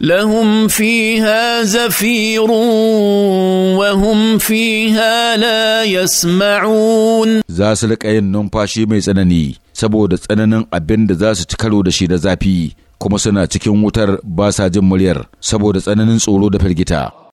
lahumfiha فيها زفير وهم فيها لا يسمعون za su riƙa yin numfashi mai tsanani saboda tsananin abinda da za su ci karo da shi da zafi kuma suna cikin wutar ba sa jin muryar saboda tsananin tsoro da firgita